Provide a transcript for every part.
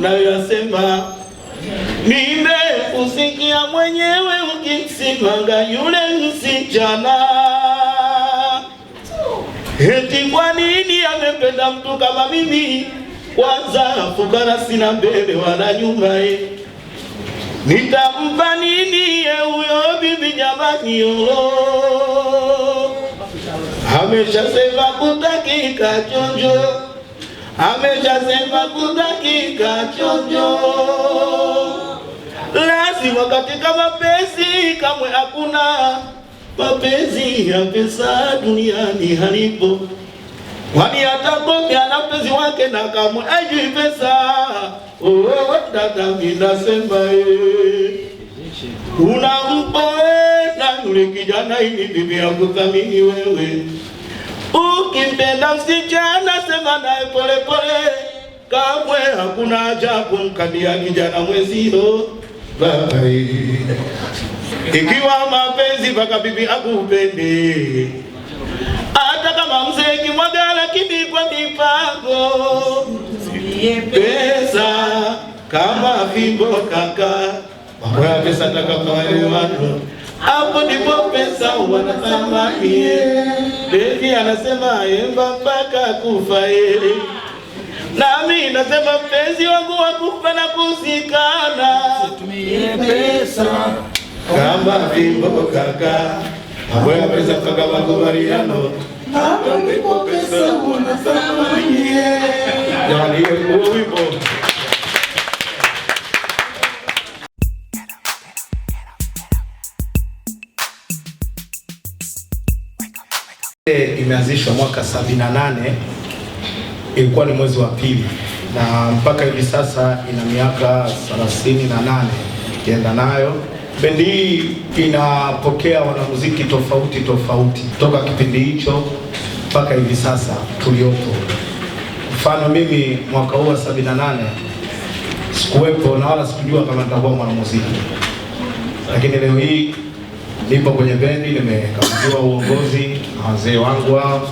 Nayoyasema ni ndefu, sikia mwenyewe ukimsimanga yule msichana, eti kwa nini amependa mtu kama mimi? Kwanza fukara, sina mbele wala nyuma nitampa nini huyo bibi jamani? Olo, ameshasema kutakika chonjo, ameshasema kutakika chonjo. Lazima katika mapenzi kamwe hakuna mapenzi ya pesa duniani halipo waniyatangomya na mpenzi wake na kamwe ajui pesa. Oh, dadaginasema eh. unampoena yule kijana ili bibi akuthamini wewe. Ukimpenda msichana sema naye polepole, kamwe hakuna ajabu mkadia kijana mwezio baba, ikiwa mapenzi mpaka bibi akupende lakini kwa mipango pesa kama fimbo kaka mambo ya pesa taka takakawale watu hapo ndipo pesa wanathamani. Beki anasema emba mpaka kufa ele, nami nasema mpenzi wangu wakufa na kusikana, tumie pesa kama fimbo kaka mambo ya pesa taka takakakubaliano hapo ndipo pesa una thamani. Jamani, hiyo huo wimbo imeanzishwa mwaka 78 ilikuwa ni mwezi wa pili, na mpaka hivi sasa ina miaka 38 ikienda nayo Bendi hii inapokea wanamuziki tofauti tofauti toka kipindi hicho mpaka hivi sasa tuliopo. Mfano mimi mwaka huu wa 78 sikuwepo na wala sikujua kama nitakuwa mwanamuziki, lakini leo hii nipo kwenye bendi, nimekabidhiwa uongozi na wazee wangu hao,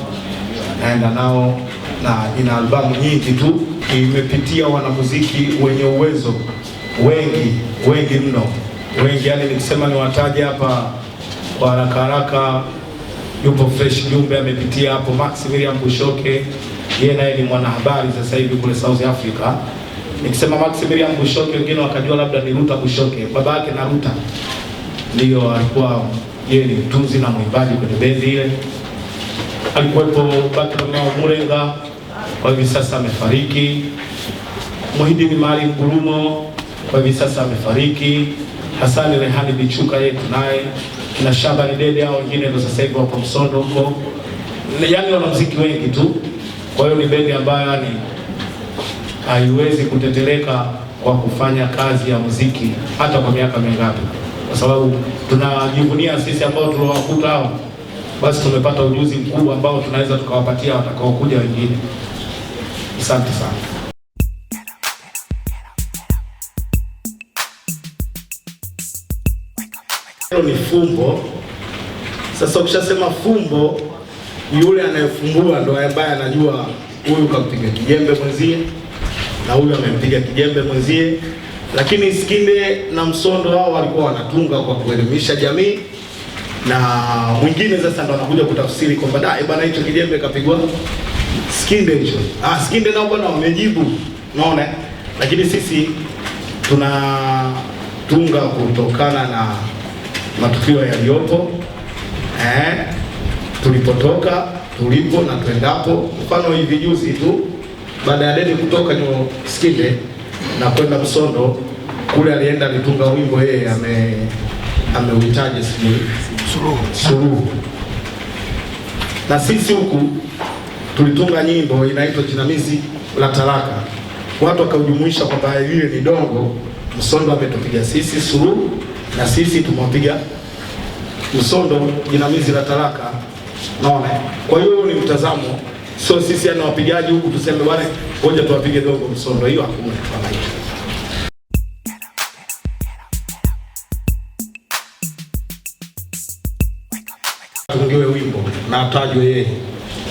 naenda nao na ina albamu nyingi tu, imepitia wanamuziki wenye uwezo wengi wengi mno wengi, yani nikisema niwataje hapa kwa haraka haraka, yupo fresh Jumbe amepitia hapo, Maximilian Bushoke, yeye naye ni mwanahabari sasa hivi kule South Africa. Nikisema Maximilian Bushoke wengine wakajua labda ni Ruta Bushoke, baba yake na Ruta ndio alikuwa yeye ni mtunzi na mwimbaji kwenye bendi ile. Alikuwepo Bartolomeo Murenga, kwa hivi sasa amefariki. Muhidi ni Mali Ngurumo, kwa hivi sasa amefariki. Hasani Rehani Bichuka yeye tunaye, na Shabani Dede, hao wengine ndio sasa hivi wako Msondo huko, yaani wanamuziki wengi tu. Kwa hiyo ni bendi ambayo yani haiwezi kuteteleka kwa kufanya kazi ya muziki hata kwa miaka mingapi, kwa sababu tunajivunia sisi ambao tuliwakuta hao, basi tumepata ujuzi mkubwa ambao tunaweza tukawapatia watakaokuja wengine. Asante sana. Hilo ni fumbo. Sasa ukishasema fumbo, yule anayefumbua ndo ambaye anajua huyu kampiga kijembe mwenzie na huyu amempiga kijembe mwenzie. Lakini Sikinde na Msondo wao walikuwa wanatunga kwa kuelimisha jamii, na mwingine sasa ndo anakuja kutafsiri kwamba da eh, bwana, hicho kijembe kapigwa Sikinde hicho. Ah, Sikinde nao bwana wamejibu, unaona. Lakini sisi tunatunga kutokana na matukio yaliyopo, eh, tulipotoka, tulipo na twendapo. Mfano hivi juzi tu baada ya Dede kutoka nyo skinde na kwenda Msondo kule, alienda alitunga wimbo yeye ame ameuitaje sijui Suluhu, na sisi huku tulitunga nyimbo inaitwa jinamizi la talaka, watu wakaujumuisha kwamba ile ni dongo. Msondo ametupiga sisi suruhu na sisi tumwapiga msondo jinamizi la talaka. Naona kwa hiyo ni mtazamo, sio sisi ana wapigaji huku tuseme bwana, ngoja tuwapige dogo msondo, hiyo hakuna kitu. wimbo na atajwe yeye,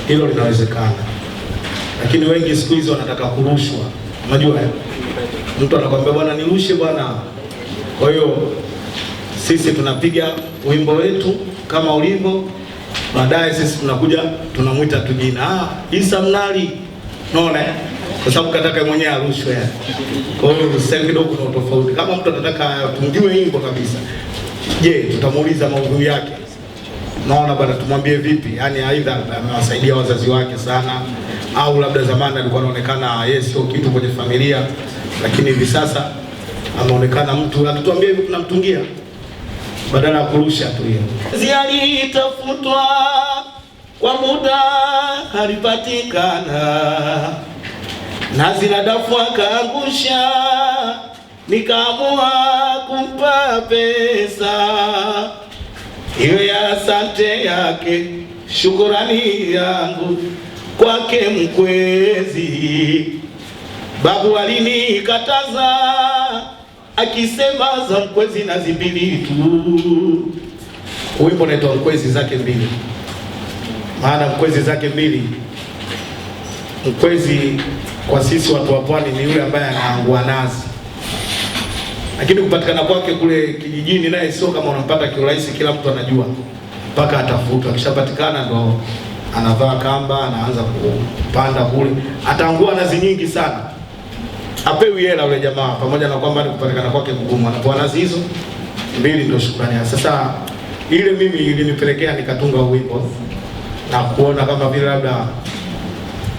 hilo linawezekana, lakini wengi siku hizi wanataka kurushwa. Unajua mtu anakwambia bwana, nirushe bwana, kwa hiyo sisi tunapiga wimbo wetu kama ulivyo, baadaye sisi tunakuja tunamwita tu jina ah, Isa Mlali, unaona, kwa sababu kataka mwenyewe arushwe. Kwa hiyo sasa kidogo kuna tofauti, Kama mtu anataka tumjue wimbo kabisa, je, tutamuuliza maudhui yake, naona bwana, tumwambie vipi? Yani aidha amewasaidia wazazi wake sana, au labda zamani alikuwa anaonekana yeye sio kitu kwenye familia, lakini hivi sasa ameonekana mtu, atutuambie hivi tunamtungia badala ya kurusha tu hiyo. Zialitafutwa kwa muda halipatikana, na zinadafu akaangusha, nikaamua kumpa pesa iwe ya asante yake, shukurani yangu kwake mkwezi. Babu alinikataza akisema za mkwezi na zibili tu. Wimbo naitwa mkwezi zake mbili, maana mkwezi zake mbili. Mkwezi kwa sisi watu wa pwani ni yule ambaye anaangua nazi, lakini kupatikana kwake kule kijijini naye sio kama unampata kiurahisi. Kila mtu anajua mpaka atafuta, akishapatikana ndo anavaa kamba, anaanza kupanda kule, ataangua nazi nyingi sana apewi hela yule jamaa, pamoja na kwamba ni kupatikana kwake mgumu, anapewa nazi hizo mbili, ndio shukrani Sasa ile mimi ilinipelekea nikatunga wimbo na kuona kama vile labda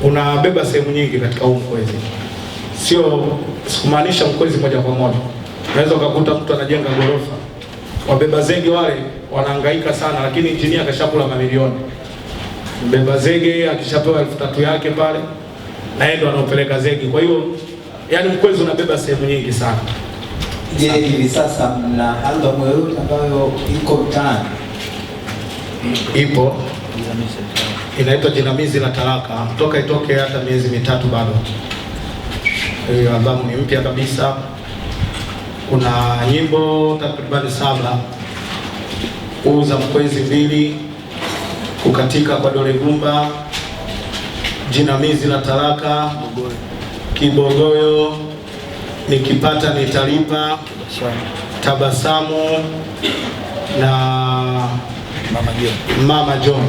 unabeba sehemu nyingi katika huu mkwezi. Sio sikumaanisha mkwezi moja kwa moja, unaweza ukakuta mtu anajenga ghorofa, wabeba zege wale wanahangaika sana, lakini injinia akashakula mamilioni. Mbeba zege akishapewa elfu tatu yake pale, na yeye ndo anaopeleka zege, kwa hiyo yani mkwezi unabeba sehemu nyingi sana. Je, hivi sasa mna albamu yoyote ambayo iko mtaani? Ipo, inaitwa Jinamizi la Talaka, toka itoke hata miezi mitatu bado. Hiyo albamu ni mpya kabisa, kuna nyimbo takribani saba, uuza mkwezi mbili, kukatika kwa dole gumba, Jinamizi la Talaka, Kibogoyo nikipata nitalipa, tabasamu na mama John. Mama John,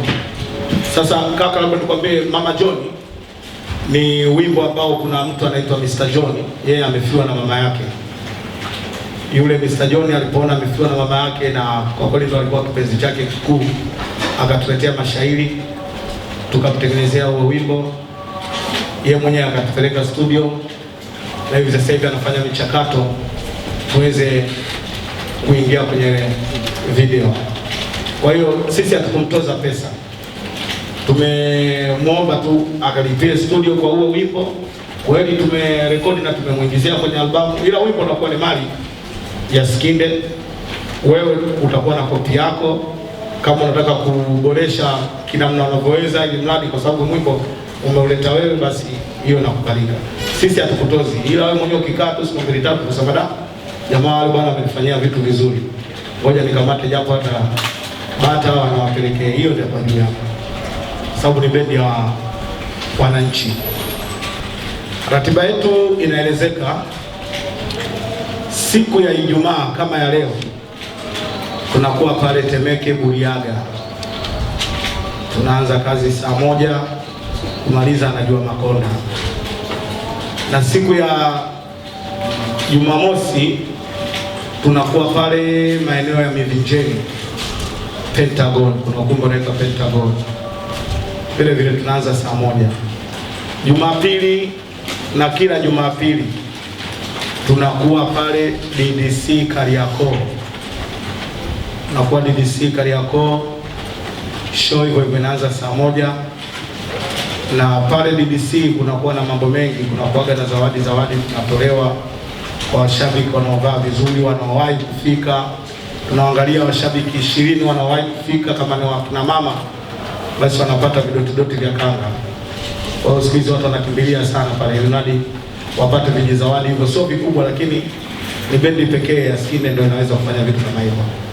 sasa kaka, labda nikwambie mama John ni wimbo ambao kuna mtu anaitwa Mr. John, yeye amefiwa na mama yake. Yule Mr. John alipoona amefiwa na mama yake, na kwa kweli ndo alikuwa kipenzi chake kikuu, akatuletea mashairi tukamtengenezea huo wimbo yeye mwenyewe akatupeleka studio, na hivi sasa hivi anafanya michakato tuweze kuingia kwenye video. Kwa hiyo sisi hatukumtoza pesa, tumemwomba tu akalipie studio kwa huo wimbo. Kweli tumerekodi na tumemwingizia kwenye albamu, ila wimbo utakuwa ni mali ya Skinde. Wewe utakuwa na kopi yako, kama unataka kuboresha kinamna unavyoweza, ili mradi, kwa sababu mwimbo umeuleta wewe, basi hiyo nakubalika. Sisi hatukutozi, ila wewe mwenyewe ukikaa tu siku mbili tatu kusema da, jamaa wale bwana amenifanyia vitu vizuri, ngoja nikamate japo hata bata wanawapelekea. Hiyo ndio kwani hapa, sababu ni bendi ya wananchi. Ratiba yetu inaelezeka siku ya Ijumaa kama ya leo tunakuwa pale Temeke Buriaga, tunaanza kazi saa moja kumaliza anajua Makonda. Na siku ya Jumamosi tunakuwa pale maeneo ya Mivinjeni Pentagon, kuna ukumbi unaitwa Pentagon, vile vile tunaanza saa moja Jumapili, na kila Jumapili tunakuwa pale DDC Kariakoo, tunakuwa DDC Kariakoo, show hivyo inaanza saa moja na pale DBC kunakuwa na mambo mengi, kunakuwaga na zawadi, zawadi zinatolewa kwa washabiki wanaovaa vizuri, wanaowahi kufika. Tunaangalia washabiki ishirini wanaowahi kufika, kama ni wakina mama basi wanapata vidotidoti vya kanga. Kwa hiyo siku hizi watu wanakimbilia sana pale, ili wapate vijizawadi hivyo, sio vikubwa, lakini ni bendi pekee ya Skine ndio inaweza kufanya vitu kama hivyo.